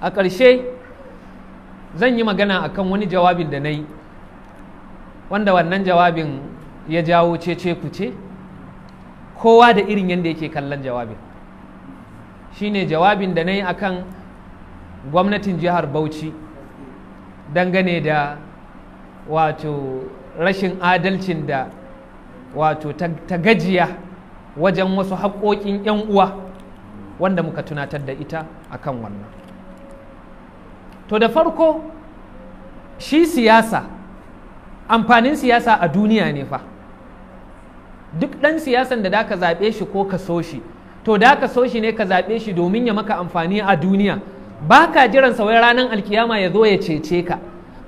a ƙarshe zan yi magana a kan wani jawabin da na yi wanda wannan jawabin ya jawo cece ce, kowa da irin yadda yake kallon jawabin shi ne jawabin da na yi a kan gwamnatin jihar bauchi dangane da wato rashin adalcin da wato ta gajiya wajen wasu haƙoƙin 'yan uwa wanda muka tunatar da ita a kan wannan to da farko shi siyasa amfanin siyasa a duniya ne fa duk ɗan siyasan da ka zaɓe shi ko ka so shi to da ka so shi ne ka zaɓe shi domin ya maka amfani a duniya ba ka jiran sauran ranar alkiyama ya zo ya cece ka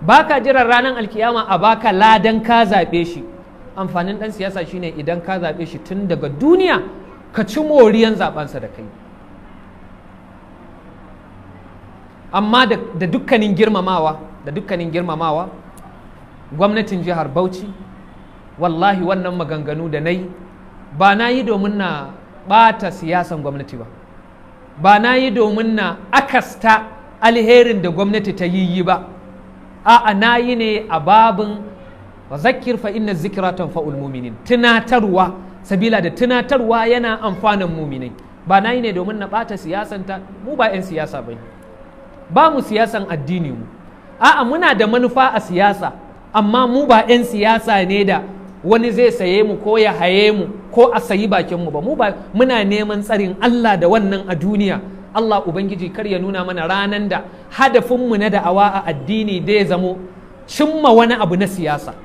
ba ka jiran ranar alkiyama a baka ladan ka zaɓe shi amfanin ɗan siyasa shine idan ka zaɓe shi tun daga duniya ka ci moriyan zaɓensa da kai amma da dukkanin girmamawa da dukkanin girmamawa gwamnatin jihar bauchi wallahi wannan maganganu da na yi ba na yi domin na bata siyasan gwamnati ba ba na yi domin na akasta alherin da gwamnati ta yi yi ba a'a na yi ne a babin zakir fa inna mu'minin tunatarwa sabila da tunatarwa yana amfanin mu'minai ba na yi ne domin na bata siyasanta mu ba 'yan siyasa bai. ba mu siyasan addini mu a'a muna da manufa a siyasa amma mu ba 'yan siyasa ne da wani zai saye mu ko ya haye mu ko a sayi bakin mu ba mu ba muna neman tsarin Allah da wannan a duniya Allah ubangiji kar ya nuna mana ranan da hadafin mu na da'awa a addini da ya zamo cimma wani abu na siyasa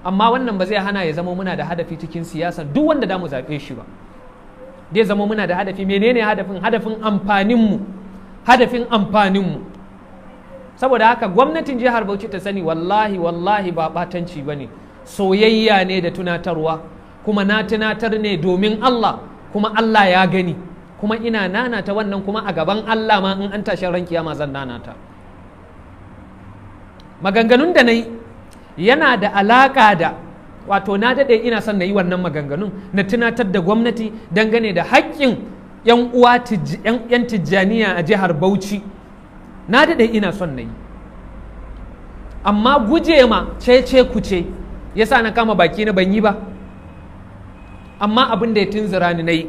amma wannan ba zai hana ya zamo muna da hadafi cikin siyasa duk wanda da mu zaɓe shi ba zai zamo muna da hadafi menene hadafin hadafin amfanin mu hadafin amfaninmu saboda haka gwamnatin jihar bauchi ta sani wallahi wallahi ba batanci ba ne soyayya ne da tunatarwa kuma na tunatar ne domin allah kuma allah ya gani kuma ina nanata wannan kuma a gaban allah ma in an tashin ran kiyama zan nanata maganganun da na yi yana da alaƙa da wato na daɗe ina son na yi wannan maganganun na tunatar da gwamnati dangane da haƙƙin 'yan uwa yan tijjaniya a jihar bauchi na daɗe ina son na yi amma guje ma cece kuce sa na kama baki na ban yi ba amma abin da ya tunzura ni na yi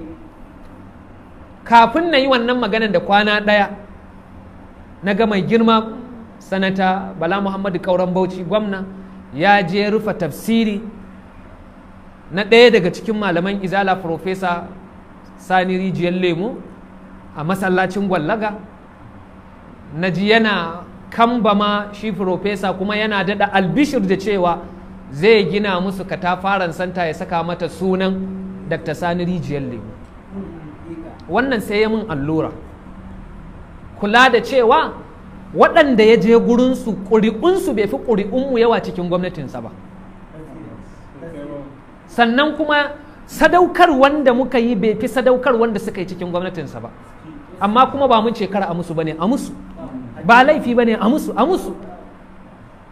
kafin na yi wannan maganan da kwana ɗaya na ga mai girma sanata bala muhammadu kauran bauchi gwamna ya je rufe tafsiri na ɗaya daga cikin malaman izala profesa sani rijiyar lemu a masallacin gwallaga na ji yana kamba ma shi profesa kuma yana dada albishir da cewa zai gina musu katafaren santa ya saka mata sunan dr sani rijiyar lemu wannan sai ya mun allura kula da cewa waɗanda ya je gurinsu ƙuri'unsu bai fi ƙuri'unmu yawa cikin gwamnatinsa ba sannan kuma sadaukar wanda muka yi bai fi sadaukar wanda suka yi cikin gwamnatinsa ba amma kuma ba mun shekara a musu bane a musu ba laifi bane a musu a musu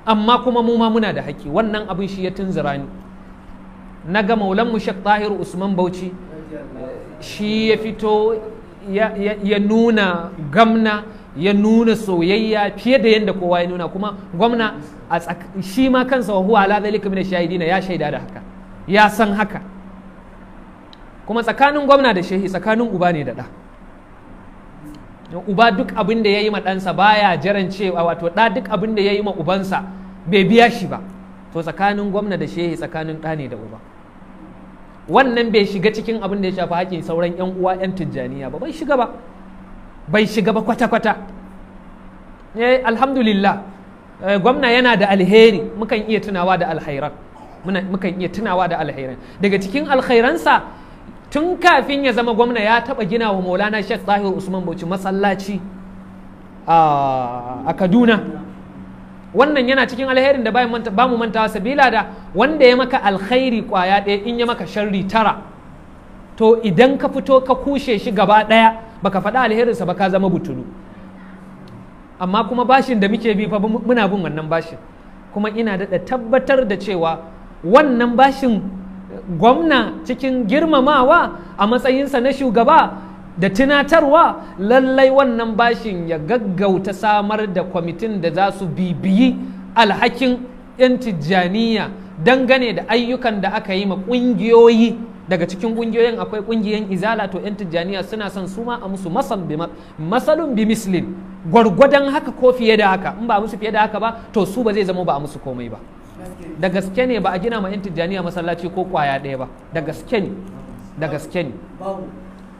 amma kuma mu ma muna da haƙƙi wannan abin shi ya tunzura ni na ga maulan mu Sheikh Tahir Usman Bauchi shi ya fito ya nuna gamna ya nuna soyayya fiye da yadda kowa ya nuna kuma gwamna shi ma kansa wa huwa ala zalika min shahidina ya shaida da haka ya san haka kuma tsakanin gwamna da shehi tsakanin uba ne da ɗa uba duk abin da ya yi ma ɗansa baya jiran cewa wato ɗa duk abin da ya yi ma ubansa bai biya shi ba to tsakanin gwamna da shehi tsakanin ɗa ne da uba wannan bai shiga cikin abin da ya shafi haƙƙin sauran 'yan uwa 'yan tijjaniya ba bai shiga ba bai shiga ba kwata-kwata eh alhamdulillah eh, gwamna yana da alheri mukan iya tunawa da alhairan mukan iya tunawa da alhairan daga cikin alheransa. tun kafin ya zama gwamna ya taɓa gina wa maulana shek zahir usman bauchi masallaci a kaduna wannan yana cikin alherin da ba mu mantawa sabila da wanda ya maka alkhairi kwaya ɗaya in ya maka sharri tara to idan ka fito ka kushe shi gaba ɗaya baka faɗa alherinsa ba ka zama butulu amma kuma bashin da muke bi fa muna bin wannan bashin kuma ina da tabbatar da cewa wannan bashin gwamna cikin girmamawa a matsayinsa na shugaba da tunatarwa lallai wannan bashin ya gaggauta samar da kwamitin da za su bibiyi alhakin 'yan tijjaniya dangane da ayyukan da aka yi ma ƙungiyoyi daga cikin ƙungiyoyin akwai ƙungiyoyin izala to 'yan tijjaniya suna son su ma a musu masalun bi mislin gwargwadon haka ko fiye da haka in ba musu fiye da haka ba to su ba zai zama ba a musu komai ba da gaske ne ba a gina ma 'yan tijjaniya masallaci ko kwaya ɗaya ba da gaske ne da gaske ne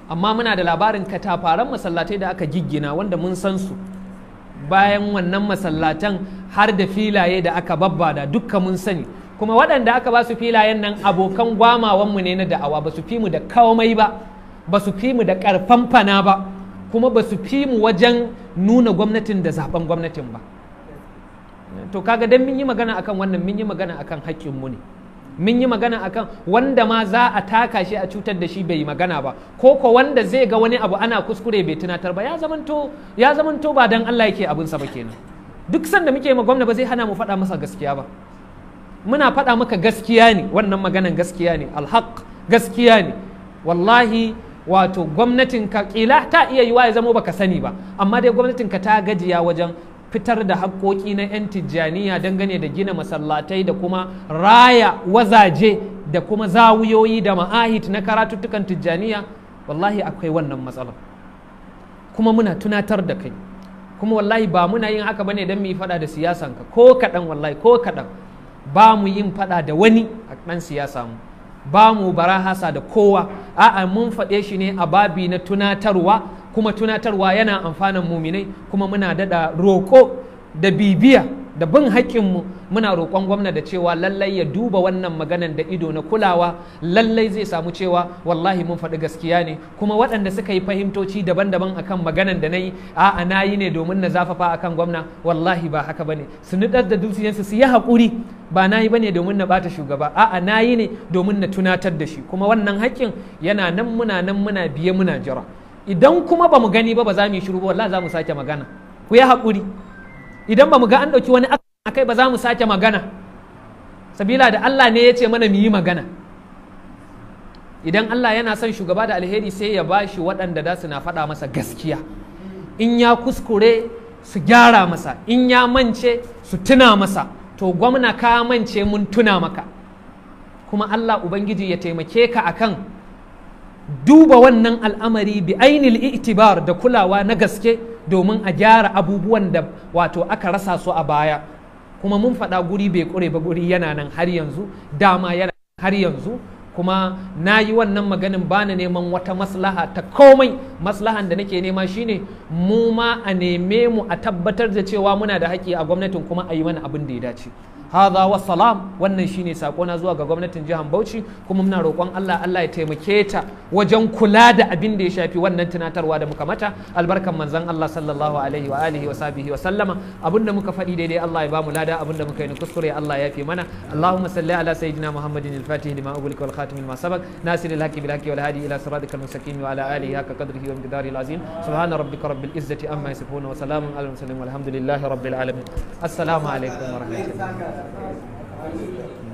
amma muna da labarin katafaren masallatai da aka giggina wanda mun san su bayan wannan masallatan har da filaye da aka babba da dukka mun sani kuma waɗanda aka ba su filayen nan abokan gwamawanmu ne na da'awa ba su fi mu da komai ba ba su fi mu da ƙarfan fana ba kuma ba su fi mu wajen nuna gwamnatin da zaben gwamnatin ba to kaga dan mun yi magana akan wannan mun yi magana akan haƙƙin mu ne mun yi magana akan wanda ma za a taka shi a cutar da shi bai magana ba ko ko wanda zai ga wani abu ana kuskure bai tunatar ba ya zamanto ya zamanto ba dan Allah yake abin sa ba kenan duk sanda muke ma gwamna ba zai hana mu faɗa masa gaskiya ba muna faɗa maka gaskiya ne wannan maganan gaskiya ne alhaq gaskiya ne wallahi wato gwamnatinka kila ta iya yiwa ya zamo baka sani ba amma dai gwamnatin ka ta gajiya wajen fitar da haƙoƙi na 'yan tijjaniya dangane da gina masallatai da kuma raya wazaje da kuma zawuyoyi da ma'ahit na karatuttukan tijjaniya wallahi akwai wannan matsalar kuma muna tunatar da kai kuma wallahi ba muna yin haka bane don mu yi fada da siyasanka ko kaɗan wallahi ko kaɗan ba mu yin fada da wani a ɗan siyasa mu ba mu bara hasa da kowa a'a mun faɗe shi ne a babi na tunatarwa kuma tunatarwa yana amfanan muminai kuma muna dada roko da bibiya da bin haƙƙinmu muna roƙon gwamna da cewa lallai ya duba wannan maganan da ido na kulawa lallai zai samu cewa wallahi mun faɗi gaskiya ne kuma waɗanda suka yi fahimtoci daban-daban akan maganan da na yi a'a na yi ne domin na zafafa akan gwamna wallahi ba haka bane su nudar da dukiyansu su yi haƙuri ba na yi bane domin na bata shugaba a'a na yi ne domin na tunatar da shi kuma wannan haƙƙin yana nan muna nan muna biye muna jira idan kuma ba mu gani ba ba za mu yi shiru ba wallahi za mu sake magana ku yi haƙuri idan ba mu ga an ɗauki wani akai ba za mu sake magana sabila da Allah ne ya ce mana mu yi magana idan Allah yana son shugaba da alheri sai ya ba shi waɗanda da su na faɗa masa gaskiya in ya kuskure su gyara masa in ya mance su tuna masa to gwamna ka mance mun tuna maka kuma Allah Ubangiji ya taimake ka akan duba wannan al'amari bi ainihin itibar da kulawa na gaske domin a gyara abubuwan da wato aka rasa su a baya kuma mun faɗa guri bai kure ba guri yana nan har yanzu dama yana har yanzu kuma na yi wannan maganin bani neman wata maslaha ta komai maslahan da nake nema shine mu ma a neme mu a tabbatar da cewa muna da haƙƙi a gwamnatin kuma a yi mana abin da ya dace hadha wa salam wannan shine sako na zuwa ga gwamnatin jihar Bauchi kuma muna roƙon Allah Allah ya taimake ta wajen kula da abin da ya shafi wannan tunatarwa da muka mata albarkan manzon Allah sallallahu alaihi wa alihi wa sahbihi wa sallama abinda muka faɗi daidai Allah ya bamu lada abinda muka yi kuskure Allah ya fi mana Allahumma salli ala sayyidina Muhammadin al-Fatih lima ughliqa wal khatim lima sabaq nasir al-haqi bil haqi wal hadi ila siratikal mustaqim wa ala alihi haqqa qadrihi wa miqdarihi al-azim subhana rabbika rabbil izzati amma yasifun wa salamun alal mursalin walhamdulillahi rabbil alamin assalamu alaikum wa rahmatullahi Thank you.